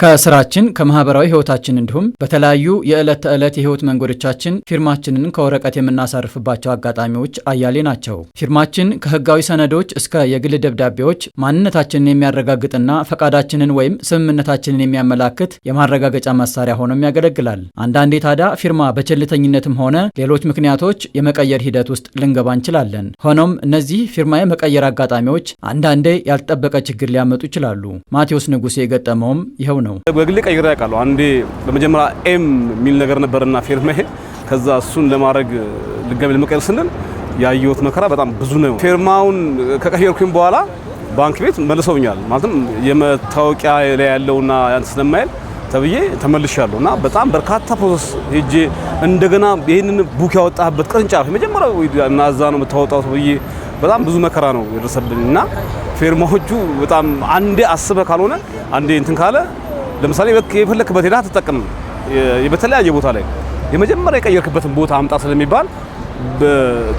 ከስራችን ከማህበራዊ ህይወታችን እንዲሁም በተለያዩ የዕለት ተዕለት የህይወት መንገዶቻችን ፊርማችንን ከወረቀት የምናሳርፍባቸው አጋጣሚዎች አያሌ ናቸው። ፊርማችን ከህጋዊ ሰነዶች እስከ የግል ደብዳቤዎች ማንነታችንን የሚያረጋግጥና ፈቃዳችንን ወይም ስምምነታችንን የሚያመላክት የማረጋገጫ መሳሪያ ሆኖም ያገለግላል። አንዳንዴ ታዲያ ፊርማ በቸልተኝነትም ሆነ ሌሎች ምክንያቶች የመቀየር ሂደት ውስጥ ልንገባ እንችላለን። ሆኖም እነዚህ ፊርማ የመቀየር አጋጣሚዎች አንዳንዴ ያልተጠበቀ ችግር ሊያመጡ ይችላሉ። ማቴዎስ ንጉሴ የገጠመውም ይኸው ነው። ነው። በግሌ ቀይሬ አውቃለሁ። አንዴ በመጀመሪያ ኤም የሚል ነገር ነበርና ፌርማዬ፣ ከዛ እሱን ለማድረግ ድጋሚ ለመቀየር ስንል ያየሁት መከራ በጣም ብዙ ነው። ፌርማውን ከቀየርኩኝ በኋላ ባንክ ቤት መልሰውኛል። ማለትም የመታወቂያ ላይ ያለውና ያን ስለማይል ተብዬ ተመልሻለሁ እና በጣም በርካታ ፕሮሰስ ሄጄ እንደገና ይህንን ቡክ ያወጣህበት ቅርንጫፍ የመጀመሪያው እናዛ ነው የምታወጣው ተብዬ በጣም ብዙ መከራ ነው የደረሰብኝ እና ፌርማዎቹ በጣም አንዴ አስበህ ካልሆነ አንዴ እንትን ካለ ለምሳሌ የፈለክበት ሄዳ ትጠቀም በተለያየ ቦታ ላይ የመጀመሪያ የቀየርክበትን ቦታ አምጣ ስለሚባል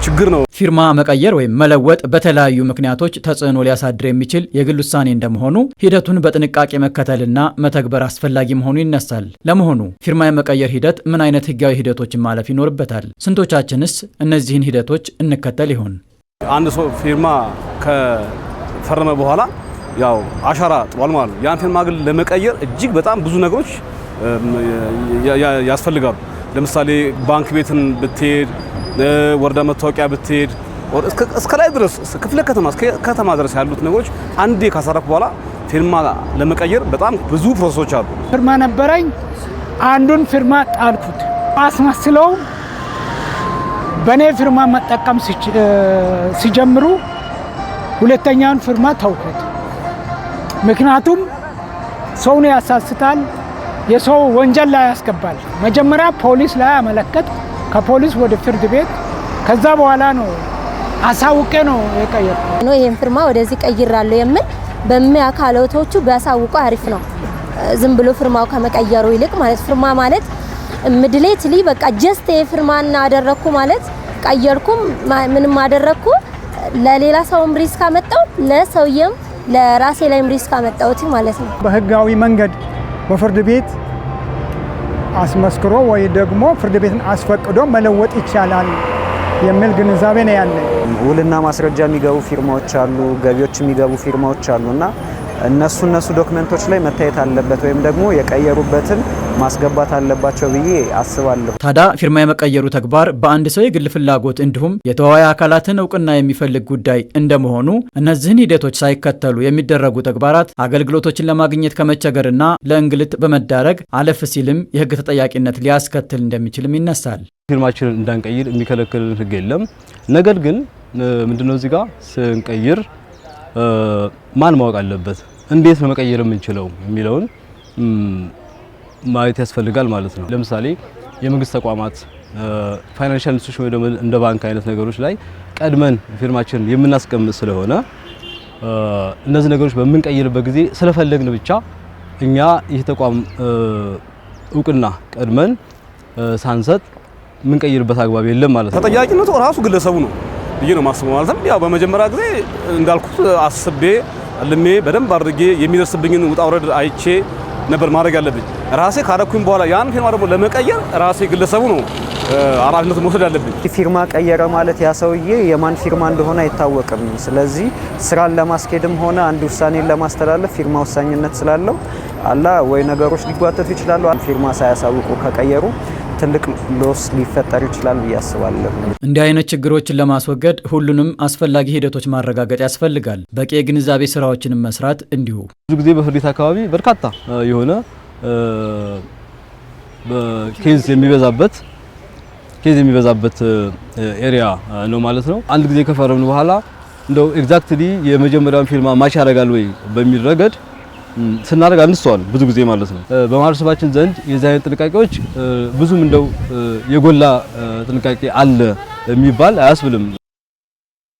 ችግር ነው። ፊርማ መቀየር ወይም መለወጥ በተለያዩ ምክንያቶች ተጽዕኖ ሊያሳድር የሚችል የግል ውሳኔ እንደመሆኑ ሂደቱን በጥንቃቄ መከተልና መተግበር አስፈላጊ መሆኑ ይነሳል። ለመሆኑ ፊርማ የመቀየር ሂደት ምን አይነት ህጋዊ ሂደቶችን ማለፍ ይኖርበታል? ስንቶቻችንስ እነዚህን ሂደቶች እንከተል ይሆን? አንድ ሰው ፊርማ ከፈረመ በኋላ ያው አሻራ ጥሏል ማለት ነው። ያን ማግል ለመቀየር እጅግ በጣም ብዙ ነገሮች ያስፈልጋሉ። ለምሳሌ ባንክ ቤትን ብትሄድ፣ ወረዳ መታወቂያ ብትሄድ እስከ ላይ ድረስ ክፍለ ከተማ እስከ ከተማ ድረስ ያሉት ነገሮች አንዴ ካሰረኩ በኋላ ፊርማ ለመቀየር በጣም ብዙ ፕሮሰሶች አሉ። ፊርማ ነበረኝ፣ አንዱን ፊርማ ጣልኩት። አስመስለው በእኔ ፊርማ መጠቀም ሲጀምሩ ሁለተኛውን ፊርማ ተውኩት። ምክንያቱም ሰውን ያሳስታል፣ የሰው ወንጀል ላይ ያስገባል። መጀመሪያ ፖሊስ ላይ አመለከት፣ ከፖሊስ ወደ ፍርድ ቤት፣ ከዛ በኋላ ነው አሳውቄ ነው የቀየርኩ ነው። ይህን ፊርማ ወደዚህ ቀይራለሁ የምል በሚያካለቶቹ ቢያሳውቁ አሪፍ ነው። ዝም ብሎ ፊርማው ከመቀየሩ ይልቅ ማለት ፊርማ ማለት ምድሌት ሊ በቃ ጀስት ይሄ ፊርማና አደረግኩ ማለት ቀየርኩም ምንም አደረግኩ ለሌላ ሰውም ሪስክ አመጣው ለሰውየም ለራሴ ላይም ሪስክ አመጣሁት ማለት ነው። በህጋዊ መንገድ በፍርድ ቤት አስመስክሮ ወይ ደግሞ ፍርድ ቤትን አስፈቅዶ መለወጥ ይቻላል የሚል ግንዛቤ ነው ያለ። ውልና ማስረጃ የሚገቡ ፊርማዎች አሉ፣ ገቢዎች የሚገቡ ፊርማዎች አሉ እና እነሱ እነሱ ዶክመንቶች ላይ መታየት አለበት ወይም ደግሞ የቀየሩበትን ማስገባት አለባቸው ብዬ አስባለሁ። ታዲያ ፊርማ የመቀየሩ ተግባር በአንድ ሰው የግል ፍላጎት እንዲሁም የተዋዋይ አካላትን እውቅና የሚፈልግ ጉዳይ እንደመሆኑ እነዚህን ሂደቶች ሳይከተሉ የሚደረጉ ተግባራት አገልግሎቶችን ለማግኘት ከመቸገርና ለእንግልት በመዳረግ አለፍ ሲልም የህግ ተጠያቂነት ሊያስከትል እንደሚችልም ይነሳል። ፊርማችንን እንዳንቀይር የሚከለክልን ህግ የለም። ነገር ግን ምንድነው እዚህ ጋር ስንቀይር ማን ማወቅ አለበት፣ እንዴት ነው መቀየር የምንችለው የሚለውን ማየት ያስፈልጋል ማለት ነው። ለምሳሌ የመንግስት ተቋማት ፋይናንሻል ኢንስቲትዩሽን ወይ እንደ ባንክ አይነት ነገሮች ላይ ቀድመን ፊርማችን የምናስቀምጥ ስለሆነ እነዚህ ነገሮች በምንቀይርበት ጊዜ ስለፈለግን ብቻ እኛ ይህ ተቋም እውቅና ቀድመን ሳንሰጥ የምንቀይርበት አግባብ የለም ማለት ነው። ተጠያቂነቱ ራሱ ግለሰቡ ነው። ብዬ ነው የማስበው። ማለትም ያው በመጀመሪያ ጊዜ እንዳልኩት አስቤ ልሜ በደንብ አድርጌ የሚደርስብኝን ውጣ ውረድ አይቼ ነበር ማድረግ ያለብኝ። ራሴ ካረኩኝ በኋላ ያን ፊርማ ደግሞ ለመቀየር ራሴ ግለሰቡ ነው ኃላፊነቱን መውሰድ ያለብኝ። ፊርማ ቀየረ ማለት ያ ሰውዬ የማን ፊርማ እንደሆነ አይታወቅም። ስለዚህ ስራን ለማስኬድም ሆነ አንድ ውሳኔን ለማስተላለፍ ፊርማ ወሳኝነት ስላለው አላ ወይ ነገሮች ሊጓተቱ ይችላሉ ፊርማ ሳያሳውቁ ከቀየሩ ትልቅ ሎስ ሊፈጠር ይችላል ብዬ አስባለሁ። እንዲህ አይነት ችግሮችን ለማስወገድ ሁሉንም አስፈላጊ ሂደቶች ማረጋገጥ ያስፈልጋል። በቂ የግንዛቤ ስራዎችንም መስራት እንዲሁ ብዙ ጊዜ በፍርድ ቤት አካባቢ በርካታ የሆነ ኬዝ የሚበዛበት ኬዝ የሚበዛበት ኤሪያ ነው ማለት ነው። አንድ ጊዜ ከፈረምን በኋላ እንደው ኤግዛክትሊ የመጀመሪያውን ፊርማ ማች ያደርጋል ወይ በሚል ረገድ ስናደርግ አንስተዋል ብዙ ጊዜ ማለት ነው። በማህበረሰባችን ዘንድ የዚህ አይነት ጥንቃቄዎች ብዙም እንደው የጎላ ጥንቃቄ አለ የሚባል አያስብልም።